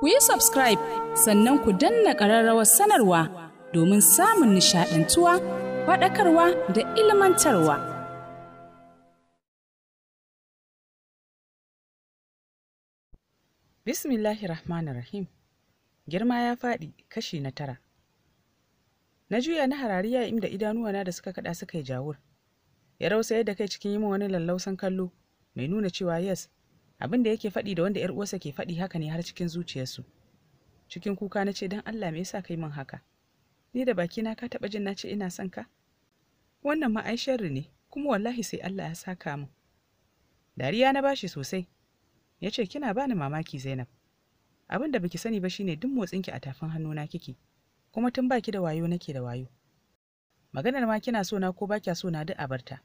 ku yi subscribe sannan ku danna ƙararrawar sanarwa domin samun nishaɗantuwa faɗakarwa da ilmantarwa. Bismillahi Rahmanir Rahim Girma ya faɗi kashi na tara. Na juya na harari ya inda idanuwana da suka kaɗa suka yi jawur. Ya rausa yadda kai cikin yi wani lallausan kallo mai nuna cewa yes abin da yake faɗi da wanda ‘yar uwarsa ke faɗi haka ne har cikin zuciyarsu cikin kuka na ce don allah me yasa kai min haka ni da baki na ka taɓa jin na ce ina son ka wannan ma ai sharri ne kuma wallahi sai allah ya saka min dariya na bashi sosai ya ce kina bani mamaki zainab abin da baki sani ba shine duk motsinki a tafin hannuna kike kuma tun baki da wayo nake da wayo maganar ma kina so na ko ba kya so na duk abarta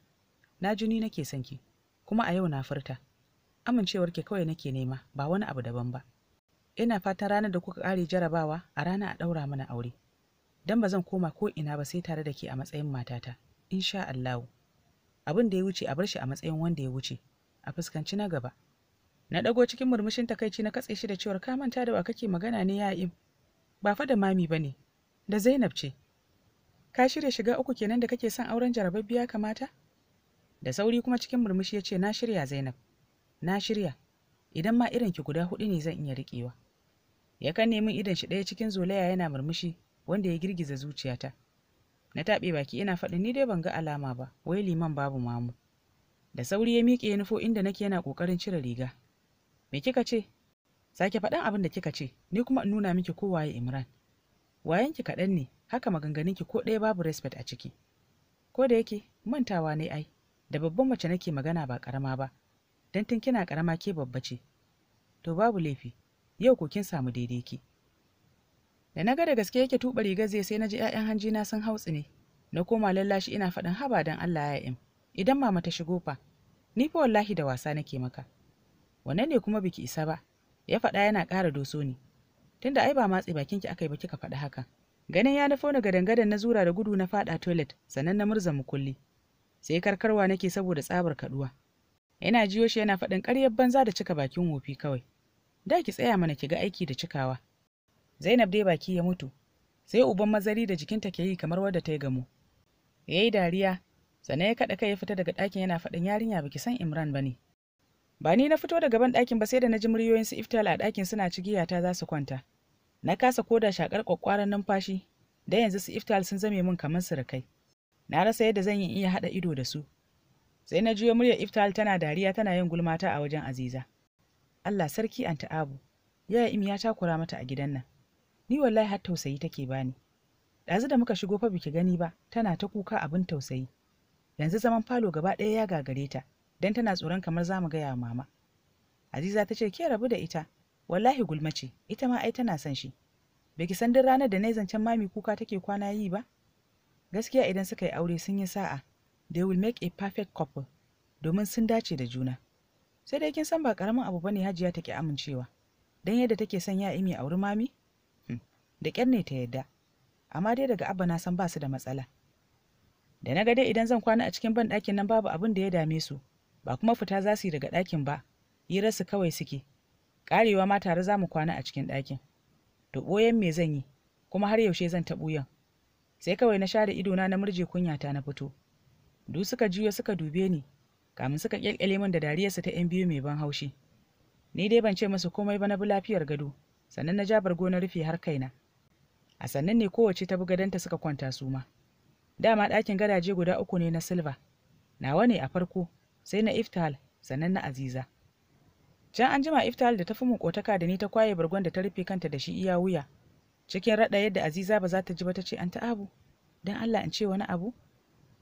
na jini nake son ki kuma a yau na furta amincewar ke kawai nake nema ba wani abu daban ba ina fatan ranar da kuka ƙare jarabawa a rana a ɗaura mana aure dan ba zan koma ko ina ba sai tare da ke a matsayin matata insha Allahu abin da ya wuce a bar shi a matsayin wanda ya wuce a fuskanci na gaba na ɗago cikin murmushin takaici na katse shi da cewar ka manta da wa kake magana ne ya im ba fa da mami bane da Zainab ce ka shirya shiga uku kenan da kake son auren jarababbiya kamata da sauri kuma cikin murmushi ya ce na shirya Zainab na shirya idan ma irin ki guda hudu ne zan iya rikewa ya kan nemi idon shi ɗaya cikin zolaya yana murmushi wanda ya girgiza zuciyata na taɓe baki ina faɗin ni dai ban ga alama ba wai liman babu mamu da sauri ya miƙe ya nufo inda nake yana ƙoƙarin cire riga me kika ce sake faɗan abin da kika ce ni kuma in nuna miki ko waye imran wayanki kaɗan ne haka maganganunki ko ɗaya babu respect a ciki ko da yake mantawa ne ai da babban mace nake magana ba ƙarama ba don tun kina karama ke babba ce to babu laifi yau ko kin samu daidai ki da na ga da gaske yake tuba rigar zai sai na ji 'ya'yan hanji na sun hautsi ne na koma lallashi ina faɗin haba don Allah ya im idan mama ta shigo fa ni fa wallahi da wasa nake maka Wanne ne kuma biki isa ba ya faɗa yana ƙara doso ni tunda ai ba matse bakin ki aka yi ba kika faɗi haka ganin ya nufo ni gadangadan na zura da gudu na faɗa toilet sannan na murza mukulli sai karkarwa nake saboda tsabar kaduwa Yana jiyo shi yana faɗin ƙaryar banza da cika bakin wofi kawai. Da ki tsaya mana ki ga aiki da cikawa. Zainab dai baki ya mutu. Sai uban mazari da jikinta ke yi kamar wadda ta yi gamu. Ya yi dariya, sannan ya kaɗa kai ya fita daga ɗakin yana faɗin yarinya baki san Imran ba ne. Ba ni na fito daga ban ɗakin ba sai da na ji muryoyin su iftal a ɗakin suna ci giyata za su kwanta. Na kasa koda shakar kwakwaran numfashi, da yanzu su iftal sun zame min kamar surukai. Na rasa yadda zan yi iya haɗa ido da su. sai na juyo muryar iftal tana dariya tana yin gulmata a wajen aziza allah sarki anta abu yaya im ya takura mata a gidan nan ni wallahi har tausayi take bani ɗazu da muka shigo fa biki gani ba tana ta kuka abin tausayi yanzu zaman falo gaba ɗaya ya gagare ta don tana tsoron kamar za mu gaya mama aziza ta ce ke rabu da ita wallahi gulma ce ita ma ai tana son shi bai san duk ranar da na zancen mami kuka take kwana yi ba gaskiya idan suka yi aure sun yi sa'a They will make a perfect couple domin sun dace da juna. Sai dai kin san ba karamin abu bane Hajiya take amincewa. Dan yadda take son ya imi auri mami? Hmm, da ƙyar ne ta yadda. Amma dai daga Abba na san ba su da matsala. Da na ga dai idan zan kwana a cikin ban ɗakin nan babu abin da ya dame su, ba kuma fita za su yi daga ɗakin ba, su kawai suke. Ƙarewa ma tare za mu kwana a cikin ɗakin. To ɓoyen me zan yi, kuma har yaushe zan taɓuyan. Sai kawai na share idona na murje kunyata na fito. duk suka juya suka dube ni kamin suka kyalkyale min da dariyarsa ta yan biyu mai ban haushi ni dai ban ce masu komai ba na bi lafiyar gado sannan na ja bargo na rufe har kaina a sannan ne kowace ta bi gadonta suka kwanta su ma dama ɗakin gadaje guda uku ne na silva nawa ne a farko sai na iftihal sannan na aziza can an jima iftihal da ta fi mu kotaka da ni ta kwaye bargon da ta rufe kanta da shi iya wuya cikin raɗa yadda aziza ba za ta ji ba ta ce an ta abu don allah in ce wani abu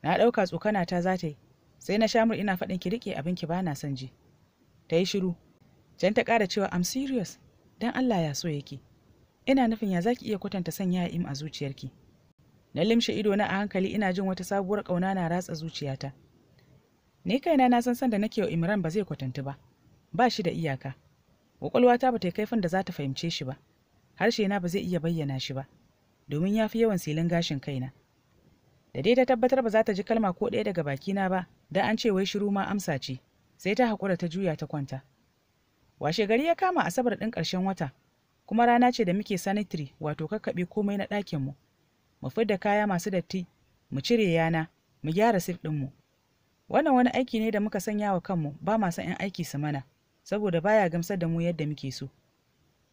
na ɗauka tsokana ta za ta yi sai na shamur ina faɗin ki riƙe abin ki bana son ji ta yi shiru jan ta ƙara cewa am serious dan Allah ya so yake ina nufin ya zaki iya kwatanta sanya im a zuciyarki na limshe ido na a hankali ina jin wata sabuwar ƙauna na ratsa zuciyata ni kaina na san san da nake wa Imran ba zai kwatantu ba ba shi da iyaka Ƙwaƙwalwata ba ta kaifin da za ta fahimce shi ba harshe na ba zai iya bayyana shi ba domin ya fi yawan silin gashin kaina da dai ta tabbatar ba za ta ji kalma ko ɗaya daga bakina ba da an ce wai shiru ma amsa ce sai ta haƙura ta juya ta kwanta washe gari ya kama asabar ɗin ƙarshen wata kuma rana ce da muke sanitary wato kakkaɓe komai na ɗakinmu mu fidda kaya masu datti mu cire yana mu gyara sif ɗinmu wannan wani aiki ne da muka sanya wa kanmu ba ma san 'yan aiki su mana saboda baya gamsar da mu yadda muke so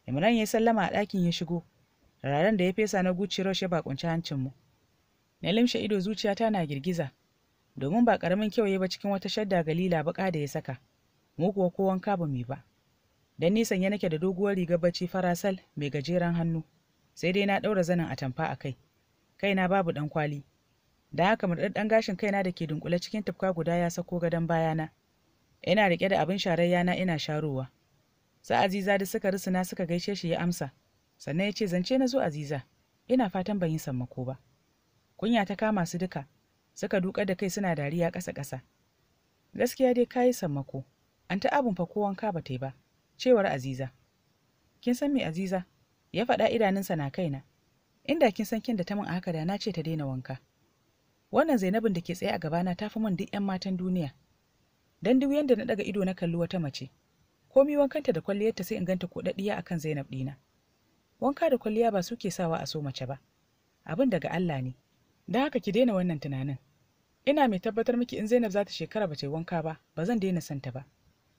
imran ya sallama a ɗakin ya shigo raren da ya fesa na gucci rush ya bakunci mu. na limshe ido zuciyata na girgiza domin ba ƙaramin kyau ba cikin wata shadda galila baƙa da ya saka mu kuwa ko wanka ba mai ba dan ni ya nake da doguwar rigar bacci farasal mai gajeren hannu sai dai na ɗaura zanin atamfa a kai kaina babu ɗan kwali da haka murɗaɗɗen gashin kaina da ke dunkule cikin tufka guda ya sako gadon bayana ina riƙe da abin sharayya na ina sharowa sa aziza da suka rusuna suka gaishe shi ya amsa sannan ya ce zance na zo aziza ina fatan ban yi sammako ba kunya ta kama su duka suka duka da kai suna dariya ƙasa ƙasa gaskiya dai kayi sammako an ta abun fa ko wanka ba yi ba cewar aziza kin san me aziza ya faɗa idanunsa na kaina inda kin san kin da ta min haka da na ce ta daina wanka wannan zainabin da ke tsaye a gabana ta fi min duk 'yan matan duniya dan duk yanda na daga ido na kalli wata mace komi wankanta da kwalliyarta sai in ganta kodaddiya akan Zainab dina wanka da kwalliya ba suke sawa a so mace ba abin daga Allah ne Da haka ki daina wannan tunanin. Ina mai tabbatar miki in Zainab za ta shekara ba ta yi wanka ba, ba zan daina son ba.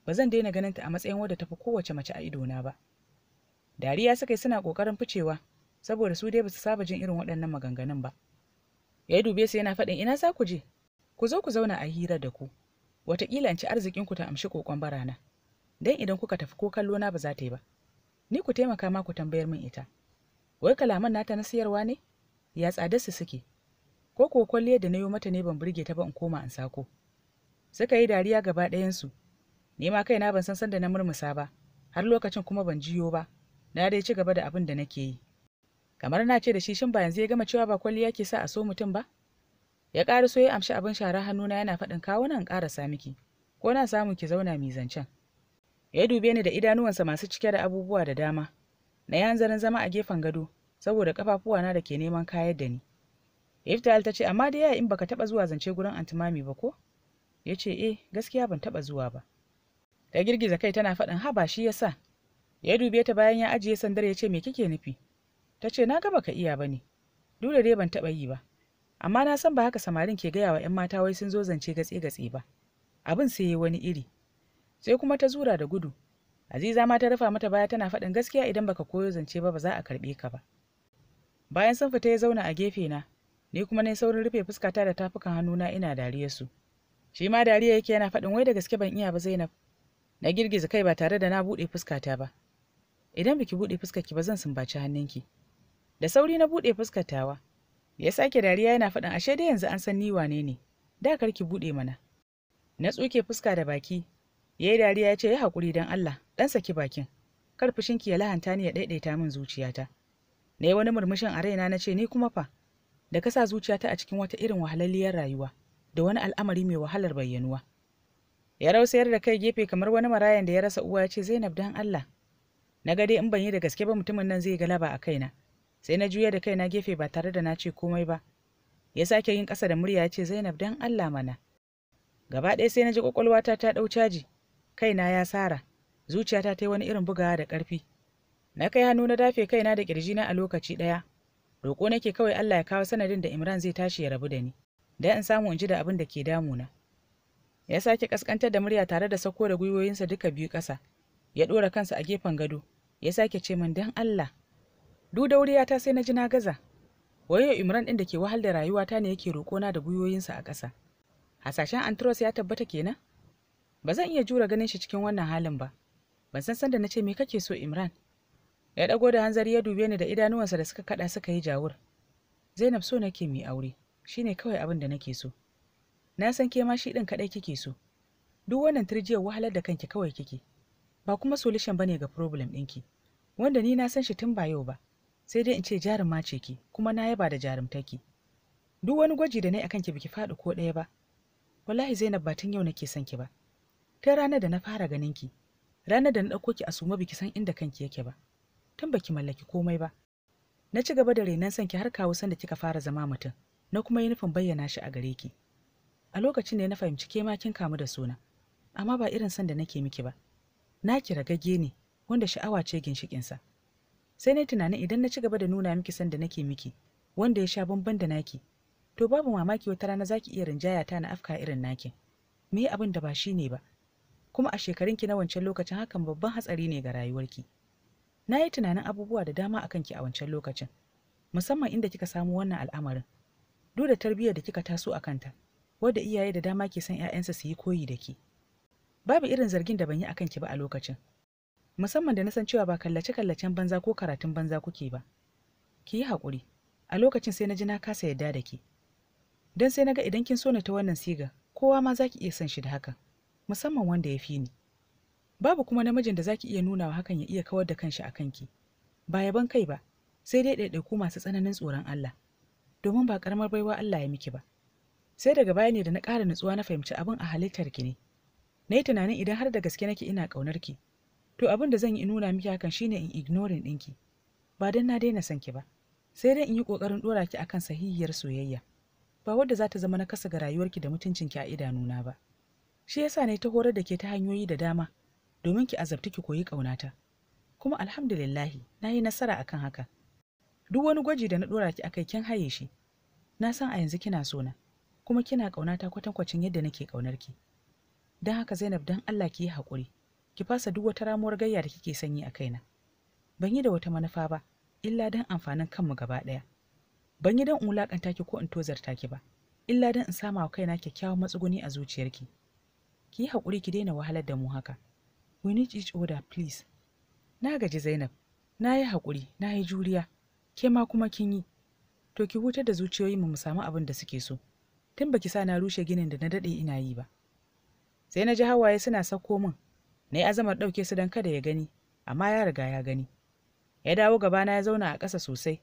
Ba zan daina ganin ta a matsayin wadda ta fi kowace mace a idona ba. Dariya suka yi suna ƙoƙarin ficewa, saboda su dai ba su saba jin irin waɗannan maganganun ba. Ya yi dube su yana faɗin ina za ku je? Ku zo ku zauna a hira da ku. Wataƙila in ci arzikinku ta amshi kokon barana. Dan idan kuka tafi ko kallona ba za ta yi ba. Ni ku taimaka ma ku tambayar min ita. Wai kalaman nata na siyarwa ne? Ya tsadarsu suke. ko ko kwalliya da na yi mata ne ban burge ta ba in koma in sako suka yi dariya gaba ɗayansu ni ma kaina ban san sanda na murmusa ba har lokacin kuma ban jiyo ba na dai ci gaba da abin da nake yi kamar na ce da shi shin ba yanzu ya gama cewa ba kwalliya ke sa a so mutum ba ya ƙara so ya amshi abin shara hannuna yana faɗin kawo nan sa miki ko na samu ki zauna mi zancen ya dube ni da idanuwansa masu cike da abubuwa da dama na yi hanzarin zama a gefen gado saboda kafafuwana da ke neman kayar da ni Iftal ta ce amma dai yaya in baka taba zuwa zance gurin antimami ba ko? yace ce eh gaskiya ban taba zuwa ba. Ta girgiza kai tana faɗin haba shi yasa. Ya dube ta bayan ya ajiye sandar ya ce me kike nufi? Ta ce na ga baka iya bane. Dole dai ban taba yi ba. Amma na san ba haka samarin ke gaya wa 'yan mata wai sun zo zance gatse-gatse ba. Abin sai yi wani iri. Sai kuma ta zura da gudu. Aziza ma ta rufa mata baya tana faɗin gaskiya idan baka koyo zance ba ba za a karɓe ka ba. Bayan sun fita ya zauna a gefe na, ni kuma ne saurin rufe fuskata da tafukan hannuna ina dariya su shi ma dariya yake yana faɗin wai da gaske ban iya ba zainab na girgiza kai ba tare da na buɗe fuskata ba idan biki buɗe fuskarki ba zan sumbaci hannunki da sauri na buɗe fuskatawa ya sake dariya yana faɗin ashe dai yanzu an san ni wane ne da kar ki buɗe mana na tsuke fuska da baki ya yi dariya ya ce ya haƙuri don allah ɗan saki bakin kar fushinki ya lahanta ni ya ɗaiɗaita min zuciyata na yi wani murmushin a raina na ce ni kuma fa da ka sa zuciyata a cikin wata irin wahalalliyar rayuwa da wani al'amari mai wahalar bayyanuwa ya rausayar da kai gefe kamar wani marayan da ya rasa uwa ya ce zainab dan allah na ga dai in ban yi da gaske ba mutumin nan zai galaba a kaina sai na juya da kaina gefe ba tare da na ce komai ba ya sake yin ƙasa da murya ya ce zainab dan allah mana gaba ɗaya sai na ji ƙwaƙwalwata ta ɗau caji kaina ya sara zuciyata ta yi wani irin bugawa da ƙarfi na kai hannu na dafe kaina da ƙirjina a lokaci ɗaya roƙo nake kawai Allah ya kawo sanadin da Imran zai tashi ya rabu da ni da in samu in ji da abin da ke damuna ya sake kaskantar da murya tare da sako da gwiwoyinsa duka biyu ƙasa ya ɗora kansa a gefen gado ya sake ce min dan Allah duk dauriya ta sai na ji na gaza waye Imran ɗin da ke wahal da rayuwata ne yake na da gwiwoyinsa a ƙasa hasashen Antros ya tabbata kenan ba zan iya jura ganin shi cikin wannan halin ba ban san sanda na ce me kake so Imran ya ɗago da hanzari ya dube ni da idanuwansa da suka kaɗa suka yi jawur zainab so nake mai aure shine kawai abin da nake so na san ke ma shi ɗin kaɗai kike so duk wannan turjiyar wahalar da kanki kawai kike ba kuma solution bane ga problem ɗinki wanda ni na san shi tun ba yau ba sai dai in ce jaruma ce ki kuma na yaba da jarumtaki duk wani gwaji da na yi akan ki biki faɗi ko ɗaya ba wallahi zainab ba tun yau nake son ki ba ta ranar da na fara ganin ki ranar da na ɗauko ki a suma biki san inda kanki yake ba tun baki mallaki komai ba na ci gaba da renon sanki har kawo sanda kika fara zama mutum na kuma yi nufin bayyana shi a gare ki a lokacin da ya na fahimci ke ma kin kamu da suna amma ba irin sanda nake miki ba na ki ragagge ne wanda sha'awa ce ginshikinsa sai na tunanin idan na ci gaba da nuna miki sanda nake miki wanda ya sha bamban da naki to babu mamaki wata rana za ki iya rinjaya ta na afka irin naki me abin da ba shi ne ba kuma a shekarunki na wancan lokacin hakan babban hatsari ne ga rayuwarki na yi tunanin abubuwa da dama akan ki a wancan lokacin musamman inda kika samu wannan al'amarin duk da tarbiyyar da kika taso a kanta wadda iyaye da dama ke son 'ya'yansa su yi koyi da ki babu irin zargin da ban yi akan ki ba a lokacin musamman da na san cewa ba kallace kallacen banza ko karatun banza kuke ba ki yi haƙuri a lokacin sai na ji na kasa yadda da ki don sai na ga idan kin so na ta wannan siga kowa ma za ki iya son shi da haka musamman wanda ya fi ni babu kuma namijin da zaki iya nuna wa hakan ya iya kawar da kanshi a kanki ba yaban kai ba sai dai ɗaiɗaiku masu tsananin tsoron Allah domin ba karamar baiwa Allah ya miki ba sai daga baya ne da na ƙara nutsuwa na fahimci abin a halittar ki ne na yi tunanin idan har da gaske nake ina ƙaunar ki to abin da zan yi nuna miki hakan shine in ignoring ɗinki ba don na daina son ki ba sai dai in yi ƙoƙarin ɗora ki akan sahihiyar soyayya ba wadda za ta zama na kasa ga rayuwarki da mutuncinki a idanuna ba shi yasa ne ta horar da ke ta hanyoyi da dama domin ki azabta ki koyi ƙaunata kuma alhamdulillahi na yi nasara akan haka duk wani gwaji da na ɗora ki akai kin haye shi na san a yanzu kina sona kuma kina ƙaunata kwatankwacin yadda nake ƙaunar ki don haka zainab don allah ki yi haƙuri ki fasa duk wata ramuwar gayya da kike sanyi a kaina ban yi da wata manufa ba illa don amfanin kanmu gaba ɗaya ban yi don in wulaƙanta ki ko in tozarta ki ba illa don in sama wa kaina kyakkyawan matsuguni a zuciyarki ki yi haƙuri ki daina wahalar da mu haka we need each other please na gaji zainab na yi haƙuri na yi juriya ke ma kuma kin yi to ki hutar da zuciyoyin mu mu samu abin da suke so tun baki sa na rushe ginin da na daɗe ina yi ba sai na ji hawaye suna sauko min na yi azamar ɗauke su don kada ya gani amma ya riga ya gani ya dawo gabana ya zauna a ƙasa sosai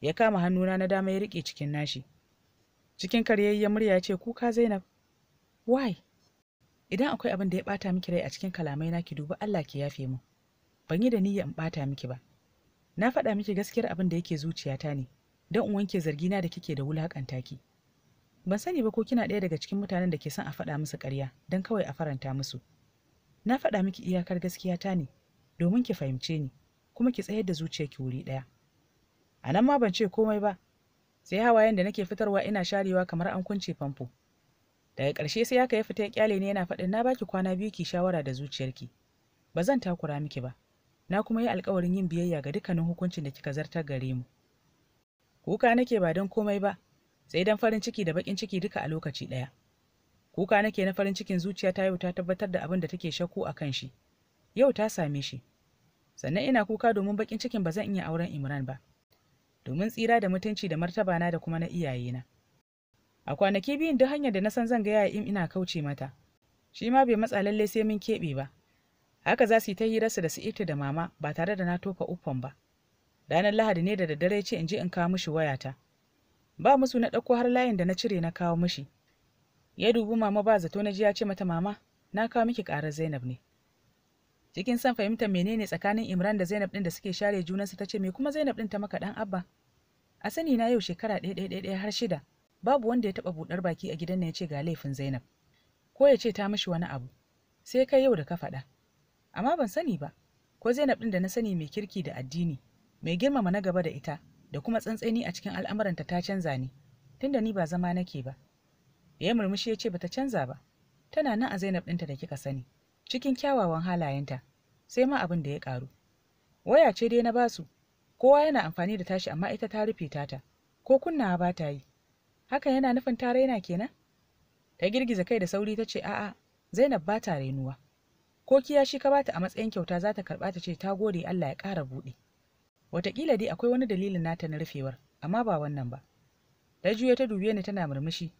ya kama hannuna na dama ya riƙe cikin nashi cikin karyayyen murya ya ce kuka zainab why idan akwai abin da ya bata miki rai a cikin kalamai na ki duba Allah ke yafe mu ban yi da niyya in bata miki ba na faɗa miki gaskiyar abin da yake zuciyata ne don in wanke zargina da kike da wulakanta ki ban sani ba ko kina ɗaya daga cikin mutanen da ke son a faɗa musu ƙarya don kawai a faranta musu na faɗa miki iyakar gaskiyata ne domin ki fahimce ni kuma ki tsayar da zuciyarki wuri ɗaya Anan ma ban ce komai ba sai hawayen da nake fitarwa ina sharewa kamar an kunce famfo daga ƙarshe sai aka ya fita ya kyale ne yana faɗin na baki kwana biyu ki shawara da zuciyarki ba zan takura miki ba na kuma yi alkawarin yin biyayya ga dukkanin hukuncin da kika zartar gare mu kuka nake ba don komai ba sai dan farin ciki da bakin ciki duka a lokaci ɗaya kuka nake na farin cikin zuciya ta yau ta tabbatar da abin da take shakku a kan shi yau ta same shi sannan ina kuka domin bakin cikin ba zan iya auren imran ba domin tsira da mutunci da martaba na da kuma na iyayena a kwanaki biyun duk hanyar da na san zan gaya in ina kauce mata shi ma bai matsa lalle sai mun keɓe ba haka za su yi ta su da su ita da mama ba tare da na tofa uffan ba ranar lahadi ne da daddare ce in je in kawo mishi wayata ba musu na ɗauko har layin da na cire na kawo mishi ya dubi mama ba zato na ji ya ce mata mama na kawo miki ƙarar zainab ne cikin san fahimtar menene tsakanin imran da zainab ɗin da suke share junansu ta ce me kuma zainab ɗin ta maka ɗan abba a sani na yau shekara ɗaya ɗaya ɗaya har shida babu wanda ya taɓa buɗar baki a gidan nan ya ce ga laifin zainab ko ya ce ta mishi wani abu sai kai yau da ka faɗa amma ban sani ba ko zainab ɗin da na sani mai kirki da addini mai girmama na gaba da ita da kuma tsantseni a cikin al'amuranta ta canza ni tunda ni ba zama nake ba ya murmushi ya ce bata canza ba tana nan a zainab ɗinta da kika sani cikin kyawawan halayenta sai ma abin da ya ƙaru waya ce dai na basu kowa yana amfani da tashi amma ita ta rufe tata ko kunnawa ba ta yi hakan yana nufin ta raina kenan ta girgiza kai da sauri ta ce a'a zainab ba ta rainuwa ko kiyashi ka bata a matsayin kyauta za ta karɓa ta ce ta gode allah ya ƙara buɗe wataƙila dai akwai wani dalilin nata na rufewar amma ba wannan ba ta juya ta dube ni tana murmushi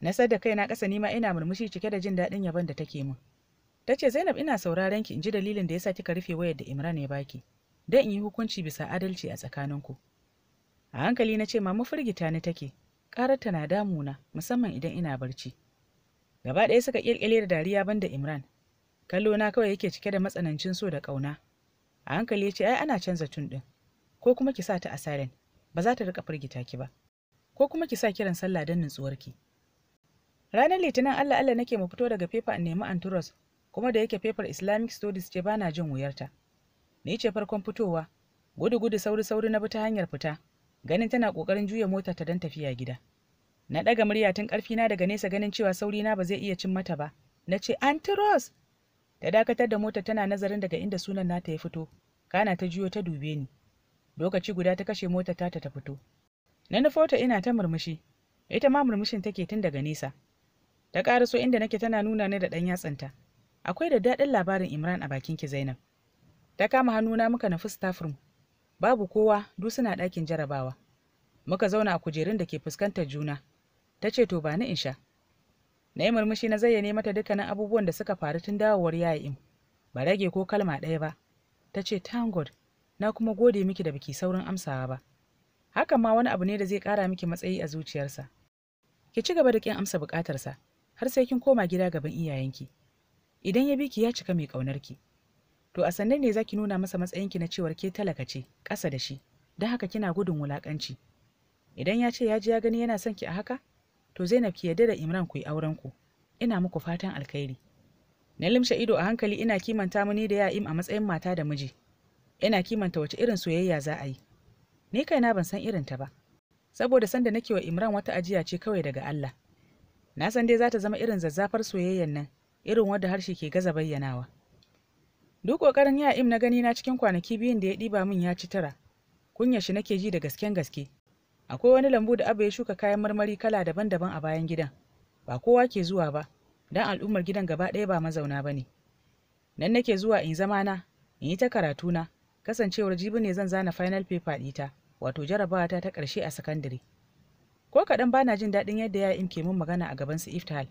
na sadda kaina ƙasa nima ina murmushi cike da jin daɗin yabon da take min ta ce zainab ina sauraren ki in ji dalilin da yasa kika rufe wayar da imran ya baki dan in yi hukunci bisa adalci a tsakaninku a hankali na ce mama firgita ni take Karar ta na damuna musamman idan ina barci. Gaba ɗaya suka ƙirƙire da dariya banda Imran. Kallo na kawai yake cike da matsanancin so da ƙauna. A hankali ya ce ai ana canza tun ɗin. Ko kuma ki sa ta a silent. Ba za ta riƙa firgita ki ba. Ko kuma ki sa kiran sallah don nutsuwarki. Ranar Litinin Allah Allah nake mu fito daga fefa in nemi Anturos kuma da yake fefar Islamic Studies ce bana jin wuyarta. Ni ce farkon fitowa. Gudu gudu sauri sauri na bi ta hanyar fita. ganin tana ƙoƙarin juya motar ta don tafiya gida na ɗaga murya tun karfi na daga nesa ganin cewa sauri na ba zai iya cin mata ba nace ce antiros ta dakatar da mota tana nazarin daga inda sunan nata ya fito kana ta juyo ta dube ni lokaci guda ta kashe motar ta ta fito na nufo ta ina ta murmushi ita ma murmushin take tun daga nesa ta so inda nake tana nuna ni da ɗan yatsanta akwai da daɗin labarin imran a bakin ki zainab ta kama hannuna muka na fusta room babu kowa duk suna ɗakin jarabawa muka zauna a kujerun da ke fuskantar juna ta ce to ba ni in sha na yi murmushi na zayyane mata dukkanin abubuwan da suka faru tun dawowar yayin ba rage ko kalma ɗaya ba ta ce tangod na kuma gode miki da biki saurin amsawa ba hakan ma wani abu ne da zai ƙara miki matsayi a zuciyarsa ki ci gaba da kin amsa buƙatarsa har sai kin koma gida gaban iyayenki idan ya bi ki ya cika mai ƙaunarki to a sannan ne zaki nuna masa matsayinki na cewar ke talaka ce ƙasa da shi don haka kina gudun wulaƙanci idan ya ce ya ji ya gani yana son ki a haka to Zainab ki yarda da Imran ku yi auren ku ina muku fatan alkhairi na limshe ido a hankali ina kimanta mu ni da Ya'im a matsayin mata da miji ina kimanta wace irin soyayya za a yi ni kaina ban san irin ta ba saboda sanda nake wa Imran wata ajiya ce kawai daga Allah na san dai za ta zama irin zazzafar soyayyan nan irin wadda harshe ke gaza bayyanawa duk ƙoƙarin ya im na gani na cikin kwanaki biyun da ya ɗiba min ya ci tara kunya shi nake ji da gasken gaske akwai wani lambu da abu ya shuka kayan marmari kala daban-daban a bayan gidan ba kowa ke zuwa ba don al'ummar gidan gaba ɗaya ba mazauna ba ne nan nake zuwa in zama na in yi ta karatu na, kasancewar jibi ne zan zana final paper ɗita wato jarabawata ta ƙarshe a sakandare ko kaɗan bana jin daɗin yadda ya ke min magana a gaban su iftihal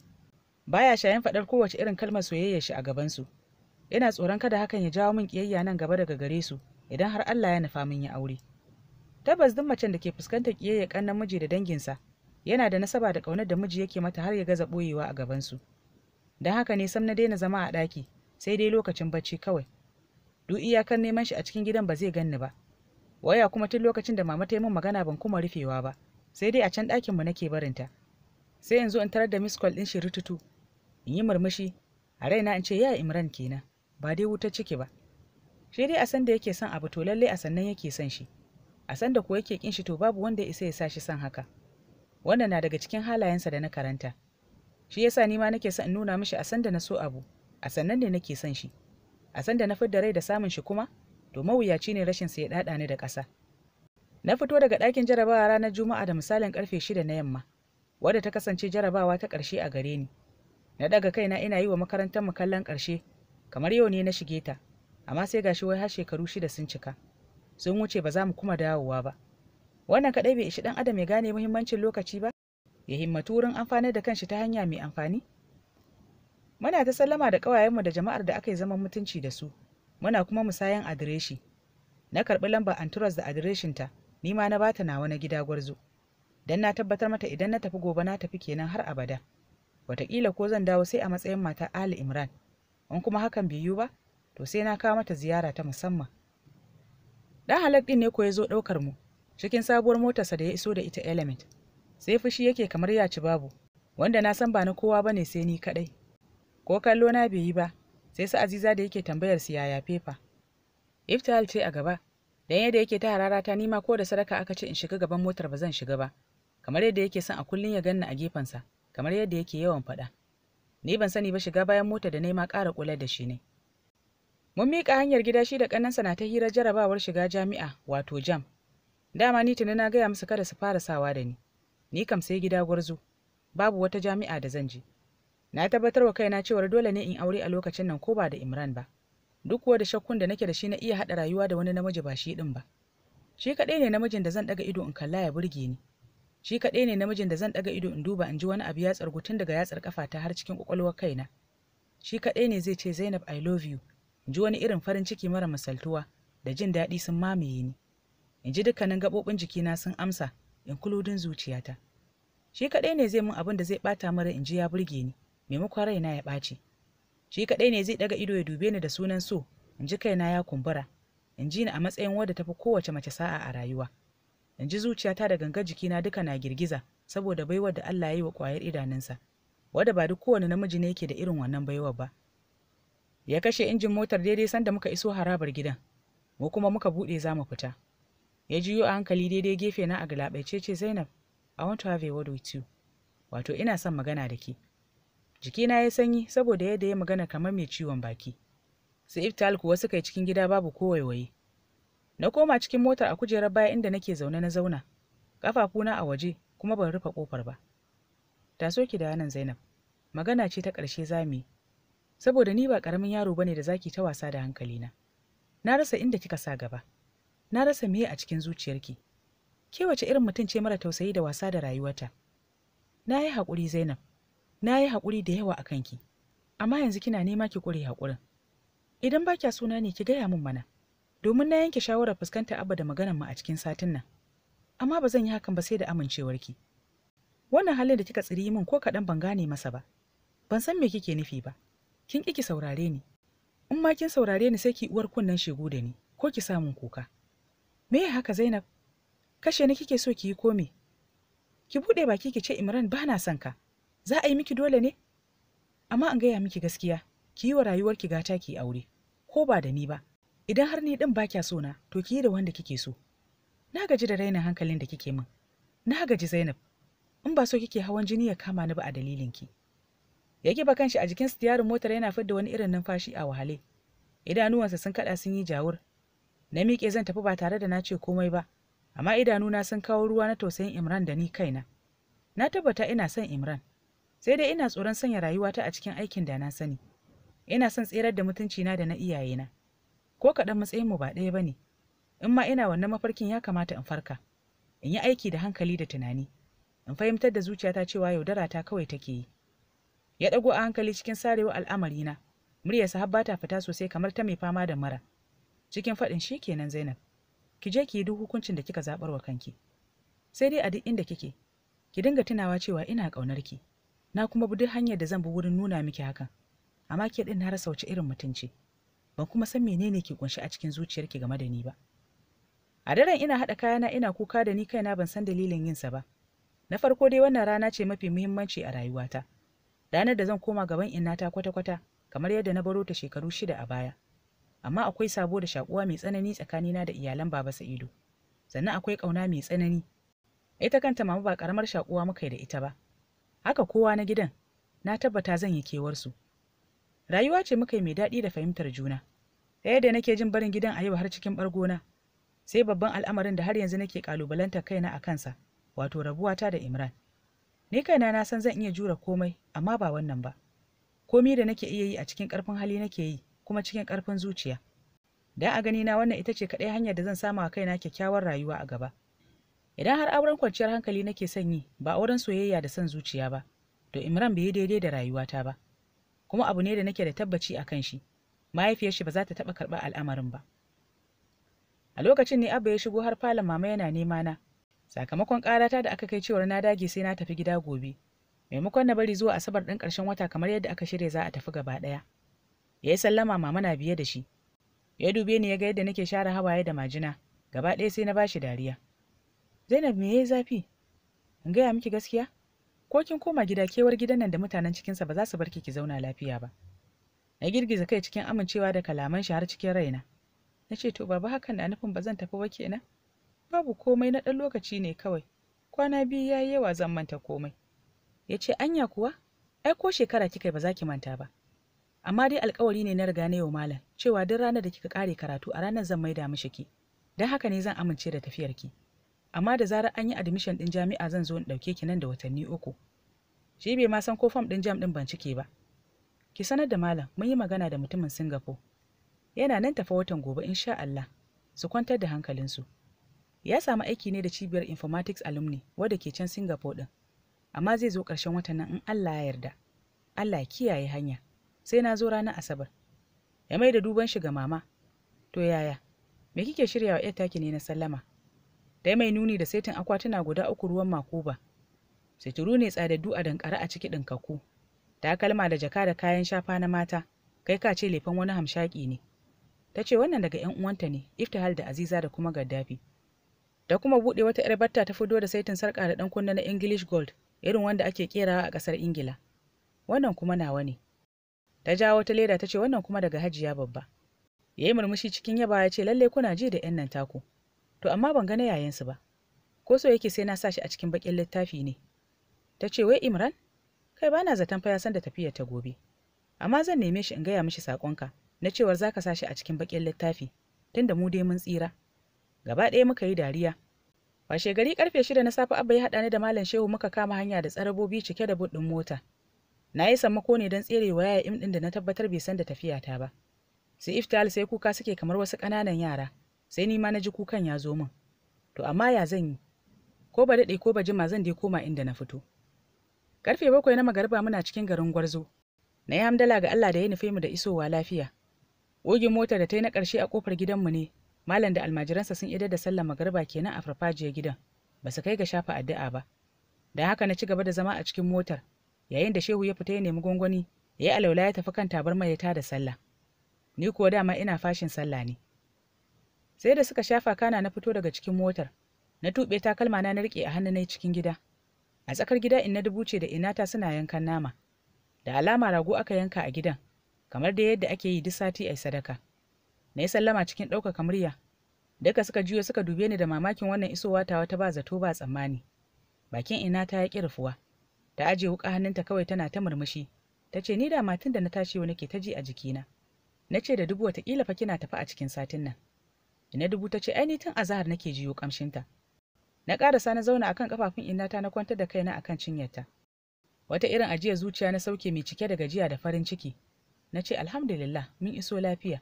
baya shayan faɗar kowace irin kalmar soyayya shi a gabansu ina tsoron kada hakan ya jawo min kiyayya nan gaba daga gare su idan har Allah ya nufa min ya aure tabbas duk macen da ke fuskantar kiyayya kan namiji da danginsa yana da nasaba da kaunar da miji yake mata har ya gaza boyewa a gaban su dan haka ne sam na daina zama a daki sai dai lokacin bacci kawai duk iyakar neman shi a cikin gidan ba zai ganni ba waya kuma tun lokacin da mama ta yi min magana ban kuma rufewa ba sai dai a can ɗakin mu nake barinta sai in in tarar da miss call ɗin shi rututu in yi murmushi a raina in ce ya imran kenan ba dai wuta ciki ba shi dai a san da yake son abu to lallai a sannan yake son shi a san da ko yake kin shi to babu wanda ya isa ya sa shi son haka wannan na daga cikin halayensa da na karanta shi yasa ni ma nake son in nuna mishi a san da na so abu a sannan ne nake son shi a san da na fidda rai da samun shi kuma to mawuyaci ne rashin sa ya dada ni da ƙasa na fito daga ɗakin jarabawa ranar juma'a da misalin karfe shida na yamma wadda ta kasance jarabawa ta ƙarshe a gare ni na daga kaina ina yi wa makarantar mu kallon ƙarshe kamar yau ne na shige ta amma sai gashi wai har shekaru shida sun cika sun wuce ba za mu kuma dawowa ba wannan kaɗai bai ishi dan adam ya gane muhimmancin lokaci ba ya himmatu wurin amfanar da kanshi ta hanya mai amfani muna ta sallama da ƙawayenmu da jama'ar da aka yi zaman mutunci da su muna kuma musayan adireshi na karɓi lamba anturas da adireshinta ni ma na bata nawa na gida gwarzo dan na tabbatar mata idan na tafi gobe na tafi kenan har abada wataƙila ko zan dawo sai a matsayin mata ali imran in kuma hakan bai yiwu ba to sai na kawo mata ziyara ta musamman dan halak din ne ko ya zo ɗaukar mu cikin sabuwar motarsa da ya iso da ita element sai fushi yake kamar ya ci babu wanda na san ba na kowa bane sai ni kadai ko kallo na bai yi ba sai su aziza da yake tambayar su yaya fefa iftal ce a gaba dan yadda yake ta harara ta nima ko da sadaka aka ce in shiga gaban motar ba zan shiga ba kamar yadda yake son a kullun ya ganna a gefensa kamar yadda yake yawan faɗa. ni ban sani ba shiga bayan mota da ma ƙara kula da shi ne mun mika hanyar gida shi da ƙannansa na ta hira jarabawar shiga jami'a wato jam dama ni tuni na gaya musu kada su fara sawa da ni ni kam sai gida gwarzo babu wata jami'a da zan je na tabbatar wa kaina cewar dole ne in aure a lokacin nan ko ba da imran ba duk kuwa da shakkun da nake da shi na iya haɗa rayuwa da wani namiji ba shi ɗin ba shi kaɗai ne namijin da zan ɗaga ido in kalla ya burge ni shi kaɗai ne namijin da zan ɗaga ido in duba in ji wani abu ya tsargu tun daga yatsar kafata har cikin ƙwaƙwalwar kaina shi kaɗai ne zai ce zainab i love you in ji wani irin farin ciki mara misaltuwa da jin daɗi sun mamaye ni in ji dukkanin gaɓoɓin jikina sun amsa inkuludin zuciyata shi kaɗai ne zai mun abin da zai ɓata mara in ji ya burge ni maimakon raina ya ɓaci shi kaɗai ne zai ɗaga ido ya dube ni da sunan so in ji kaina ya kumbura in ji ni a matsayin wadda tafi kowace mace sa'a a rayuwa in ji zuciyata da ganga jikina duka na girgiza saboda baiwar da Allah ya yi wa ƙwayar idanunsa wadda ba duk kowane namiji ne yake da irin wannan baiwar ba ya kashe injin motar daidai sanda muka iso harabar gidan mu kuma muka buɗe za mu fita ya jiyo a hankali daidai gefe na a galabaice ce Zainab I want to have a word with you wato ina son magana da ke jikina ya sanyi saboda yadda ya magana kamar mai ciwon baki sai iftal kuwa suka yi cikin gida babu waiwaye na koma cikin motar a kujerar baya inda nake zaune na zauna ƙafafuna a waje kuma ban rufe kofar ba Ta ki da nan zainab magana ce ta ƙarshe za mu yi saboda ni ba ƙaramin yaro bane da zaki ta wasa da hankali na Na rasa inda kika sa gaba na rasa meye a cikin zuciyarki ke wace irin mutum ce mara tausayi da wasa da rayuwarta na yi haƙuri zainab na yi haƙuri da yawa a kanki amma yanzu kina nema ki kure haƙurin idan ba kya suna ne ki gaya min mana domin na yanke shawarar fuskantar abba da maganar mu a cikin satin nan amma ba zan yi hakan ba sai da amincewarki wannan halin da kika tsiri min ko kaɗan ban gane masa ba ban san me kike nufi ba kin ƙi ki saurare ni in ma kin saurare ni sai ki uwar kunnen shegu da ni ko ki samun kuka me ya haka zainab kashe ni kike so ki yi ko me ki buɗe baki ki ce imran ba na son ka za a yi miki dole ne amma an gaya miki gaskiya ki yi wa rayuwarki gata ki aure ko ba da ni ba idan har ni din ba kya so na to ki da wanda kike so na gaji da rainin hankalin da kike min na gaji zainab in ba so kike hawan jini ya kama ni ba a dalilin ki ya ba kanshi a jikin stiyarin motar yana fidda wani irin numfashi a wahale idanuwansa sun kada sun yi jawur na miƙe zan tafi ba tare da na ce komai ba amma idanuna sun kawo ruwa na tausayin imran da ni kaina na tabbata ina son imran sai dai ina tsoron sanya rayuwata a cikin aikin da na sani ina son tserar da mutuncina da na iyayena ko kaɗan matsayinmu ba ɗaya ba ne in ma ina wannan mafarkin ya kamata in farka in yi aiki da hankali da tunani in fahimtar da zuciyata cewa yaudara ta kawai take yi ya ɗago a hankali cikin sarewa al'amarina muryarsa har ta fita sosai kamar ta mai fama da mara cikin faɗin shi kenan zainab ki je ki yi duk hukuncin da kika zaɓar wa kanki sai dai a duk inda kike ki dinga tunawa cewa ina ƙaunar ki na kuma bi duk hanyar da zan bi wurin nuna miki hakan amma ke ɗin na rasa wace irin mutunci ban kuma san menene ke kunshi a cikin zuciyarki game da ni ba a daren ina haɗa kayana ina kuka da ni kaina ban san dalilin yinsa ba na farko dai wannan rana ce mafi muhimmanci a rayuwata ranar da zan koma gaban innata kwata-kwata kamar yadda na baro ta shekaru shida a baya amma akwai sabo da shakuwa mai tsanani tsakanina da iyalan baba sa'idu sannan akwai ƙauna mai tsanani ita kanta mama ba ƙaramar shakuwa muka yi da ita ba haka kowa na gidan na tabbata zan yi kewarsu rayuwa ce muka yi mai daɗi da fahimtar juna ta yadda nake jin barin gidan a yau har cikin bargona sai babban al'amarin da har yanzu nake kalubalantar kaina a kansa wato rabuwata da imran ni kaina na san zan iya jura komai amma ba wannan ba komi da nake iya yi a cikin karfin hali nake yi kuma cikin ƙarfin zuciya da a gani na wannan ita ce kaɗai hanyar da zan samu a kaina kyakkyawar rayuwa a gaba idan har auren kwanciyar hankali nake son yi ba auren soyayya da son zuciya ba to imran bai yi daidai da rayuwata ba kuma abu ne da nake da tabbaci a kan shi mahaifiyar shi ba za ta taɓa karɓar al'amarin ba a lokacin ne abba ya shigo har falon mama yana nema na sakamakon ƙarata da aka kai cewar na dage sai na tafi gida gobe maimakon na bari zuwa asabar ɗin ƙarshen wata kamar yadda aka shirya za a tafi gaba ɗaya ya yi sallama mama na biye da shi ya dube ni ya ga yadda nake share hawaye da majina gaba ɗaya sai na bashi dariya zainab me ya yi zafi in gaya miki gaskiya ko kin koma gida kewar gidan nan da mutanen cikinsa ba za su bar ki zauna lafiya ba na girgiza kai cikin amincewa da kalaman shi har cikin raina na ce to baba hakan na nufin ba zan tafi ba kenan babu komai na ɗan lokaci ne kawai kwana biyu ya yi yawa zan manta komai ya ce anya kuwa ai ko shekara kika ba za ki manta ba amma dai alkawari ne na riga na yau malam cewa duk ranar da kika kare karatu a ranar zan maida mishi ki don haka ne zan amince da tafiyarki ki amma da zarar an yi admission din jami'a zan zo in ɗauke ki nan da watanni uku shi bai ma san ko form din jam din ban cike ba ki sanar da malam mun yi magana da mutumin singapore yana nan tafa watan gobe insha Allah su kwantar da hankalinsu ya samu aiki ne da cibiyar informatics alumni wadda ke can singapore din amma zai zo karshen watan nan in Allah ya yarda Allah kiyaye hanya sai na zo ranar asabar ya mai da duban shi ga mama to yaya me kike shiryawa wa taki ne na sallama da mai nuni da saitin akwatuna guda uku ruwan makuba Situru ne tsadaddu a dankare a ciki ɗinkaku takalma da jaka da kayan shafa na mata kai ka ce lefan wani hamshaki ne ta ce wannan daga yan uwanta ne iftihal da aziza da kuma gaddafi ta kuma buɗe wata yar batta ta fido da saitin sarƙa da ɗan kunna na english gold irin wanda ake kerawa a ƙasar ingila wannan kuma nawa ne ta jawo wata leda ta ce wannan kuma daga hajiya babba ya yi murmushi cikin yaba ya ce lallai kuna ji da yan nan taku to amma ban ga na yayansu ba ko so yake sai na sa shi a cikin bakin littafi ne ta ce wai imran kai bana zaton fa ya san da tafiyar ta gobe amma zan neme shi in gaya mishi sakonka na cewar za ka sa shi a cikin bakin littafi tunda mu dai mun tsira gaba ɗaya muka yi dariya washe gari karfe shida na safe abba ya haɗa ni da malam shehu muka kama hanya da tsarabobi cike da buɗin mota na yi sammako ne don tserewa yaya im ɗin da na tabbatar bai san da tafiyata ba su iftal sai kuka suke kamar wasu ƙananan yara sai ni ma na ji kukan ya zo min to amma ya zan yi ko ba daɗe ko ba jima zan dai koma inda na fito karfe bakwai na magarba muna cikin garin gwarzo na yi hamdala ga allah da ya nufe mu da isowa lafiya ogin mota da ta yi na ƙarshe a ƙofar gidanmu ne malam da almajiransa sun idar da sallar magarba kenan a farfajiyar gidan ba su kai ga shafa addu'a ba da haka na ci gaba da zama a cikin motar yayin da shehu ya fita ya nemi gwangwani ya yi alaula ya tafi kan tabarma ya tada sallah ni kuwa dama ina fashin sallah ne sai da suka shafa kana na fito daga cikin motar na tuɓe takalma na na rike a hannu cikin gida a tsakar gida in na dubu ce da inata suna yankan nama da alama rago aka yanka a gidan kamar da yadda ake yi duk sati ai sadaka na yi sallama cikin ɗaukaka murya daga suka juyo suka dube ni da mamakin wannan isowa ta wata ba zato ba tsammani bakin inata ya ƙi rufuwa ta aje wuƙa hannunta kawai tana ta murmushi ta ce ni da matin da na tashi ke ta ji a jikina na ce da dubu wataƙila fa kina tafi a cikin satin nan ina dubu ta ce ai tun azahar nake jiyo kamshinta na karasa na zauna akan kafafun innata na kwantar da kaina akan cinyarta wata irin ajiya zuciya na sauke mai cike da gajiya da farin ciki na ce alhamdulillah mun iso lafiya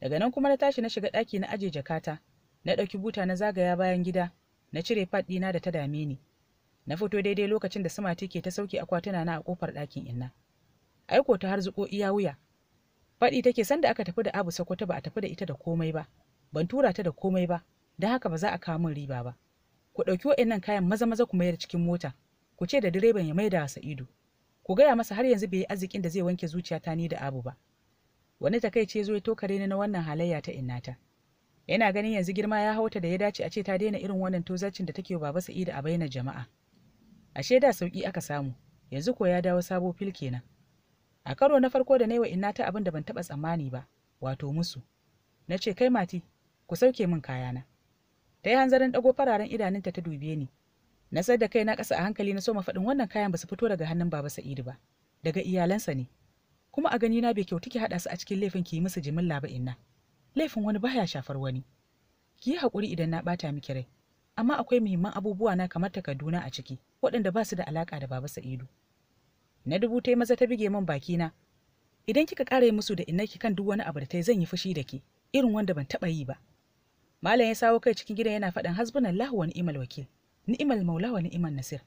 daga nan kuma na tashi na shiga ɗaki na aje jakata na ɗauki buta na zagaya bayan gida na cire fad da ta dame ni na fito daidai lokacin da sama ke ta sauke akwatuna na a kofar ɗakin inna aiko ta har zuko iya wuya faɗi take sanda aka tafi da abu sakwata ba a tafi da ita da komai ba ban tura ta da komai ba don haka ba za a kawo min riba ba ku ɗauki wayannan kayan maza maza ku mayar cikin mota ku ce da direban ya mai da wa sa'idu ku gaya masa har yanzu bai yi arzikin da zai wanke zuciyata ni da abu ba wani takaice zo ya tokare ni na wannan halayya ta innata yana ganin yanzu girma ya hauta da ya dace a ce ta daina irin wannan tozarcin da take baba sa'idu a bayyana jama'a ashe da sauki aka samu yanzu ko ya dawo sabo fil kenan a karo na farko da na yi wa innata abin da ban taɓa tsammani ba wato musu na ce kai mati ku sauke min kayana ta yi hanzarin ɗago fararen idanunta ta dube ni na sai da na ƙasa a hankali na soma faɗin wannan kayan ba su fito daga hannun baba sa'idu ba daga iyalansa ne kuma a gani na bai kyautu ki haɗa su a cikin laifin ki yi musu jimilla ba inna laifin wani baya shafar wani ki yi haƙuri idan na ɓata miki rai amma akwai muhimman abubuwa na kamar takarduna a ciki waɗanda ba su da alaƙa da baba sa'idu na dubu yi maza ta bige min baki na. idan kika ƙara yi musu da inna ki kan duk wani abu da ta zan yi fushi da ki irin wanda ban taɓa yi ba malam ya sawo kai cikin gidan yana faɗin lahu wa imal wakil Ni'imal maula wani imal nasir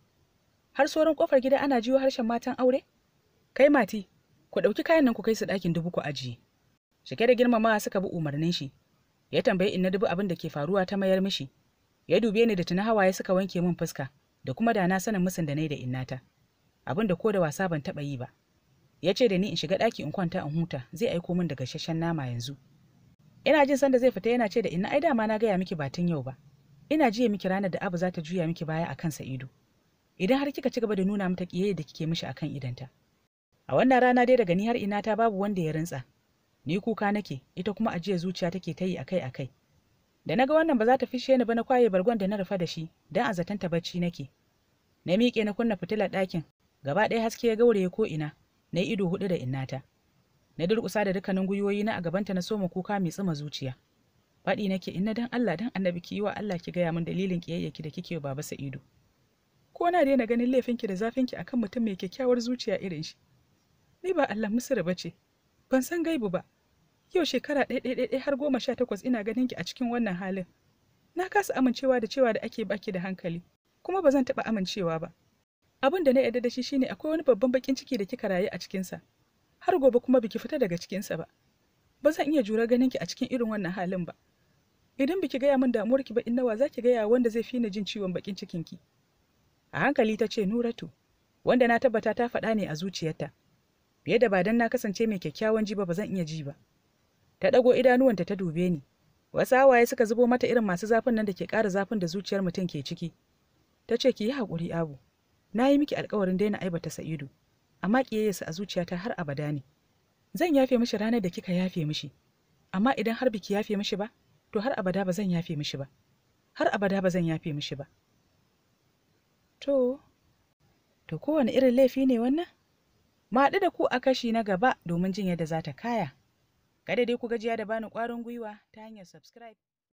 har sauran kofar gida ana jiwo harshen matan aure kai mati ku ɗauki kayan nan ku kai su ɗakin dubu ku ajiye Shike da girmamawa suka bi umarnin shi ya tambayi in na dubu abin da ke faruwa ta mayar mishi ya dube ni da tuna hawaye suka wanke min fuska da kuma da na sanin musun da nai da innata abin da ko da wasa ban taɓa yi ba ya ce da ni in shiga ɗaki in kwanta in huta zai aiko min da gasasshen nama yanzu ina jin sanda zai fita yana ce da ina ai dama na gaya miki batun yau ba ina jiya miki ranar da abu za ta juya miki baya akan kansa ido idan har kika ci gaba da nuna mata kiyayya da kike mishi akan idanta a wannan rana dai daga ni har ina ta babu wanda ya rintsa ni kuka nake ita kuma ajiya zuciya take ta yi akai akai da naga wannan ba za ta fishe ni ba na kwaye bargon da na rufa da shi dan a zatanta bacci nake na miƙe na kunna fitilar ɗakin gaba ɗaya haske ya gauraye ko ina na ido hudu da innata na durƙusa da dukkanin gwiwoyi na a gabanta na soma kuka mai tsuma zuciya faɗi nake inna dan Allah dan annabi ki wa Allah ki gaya min dalilin ki da kike baba Sa'idu ko na daina ganin laifinki da zafinki akan mutum mai kyakkyawar zuciya irin shi ni ba Allah Misira ba ce ban san gaibu ba yau shekara ɗaya ɗaya ɗaya har goma sha takwas ina ganin ki a cikin wannan halin na kasa amincewa da cewa da ake baki da hankali kuma ba zan taɓa amincewa ba abin da na yarda da shi shine akwai wani babban bakin ciki da kika rayu a cikinsa har gobe kuma biki fita daga cikinsa ba ba zan iya jura ganin ki a cikin irin wannan halin ba idan biki gaya min damuwar ki ba in nawa zaki gaya wanda zai fi jin ciwon bakin cikin ki a hankali ta ce nuratu wanda na tabbata ta faɗa ne a zuciyarta fiye da ba dan na kasance mai kyakkyawan ji ba ba zan iya ji ba ta ɗago idanuwanta ta dube ni wasu hawaye suka zubo mata irin masu zafin nan da ke ƙara zafin da zuciyar mutum ke ciki ta ce ki yi hakuri, abu na yi miki alƙawarin daina aibata sa'idu amma ƙiyayyarsa a zuciyata har abada ne zan yafe mishi ranar da kika yafe mishi amma idan har biki yafe mishi ba to har abada ba zan yafe mishi ba har abada ba zan yafe mishi ba to to kowane irin laifi ne wannan ma da ku a kashi na gaba domin jin yadda za ta kaya kada dai ku gajiya da bani ƙwarin gwiwa ta hanyar subscribe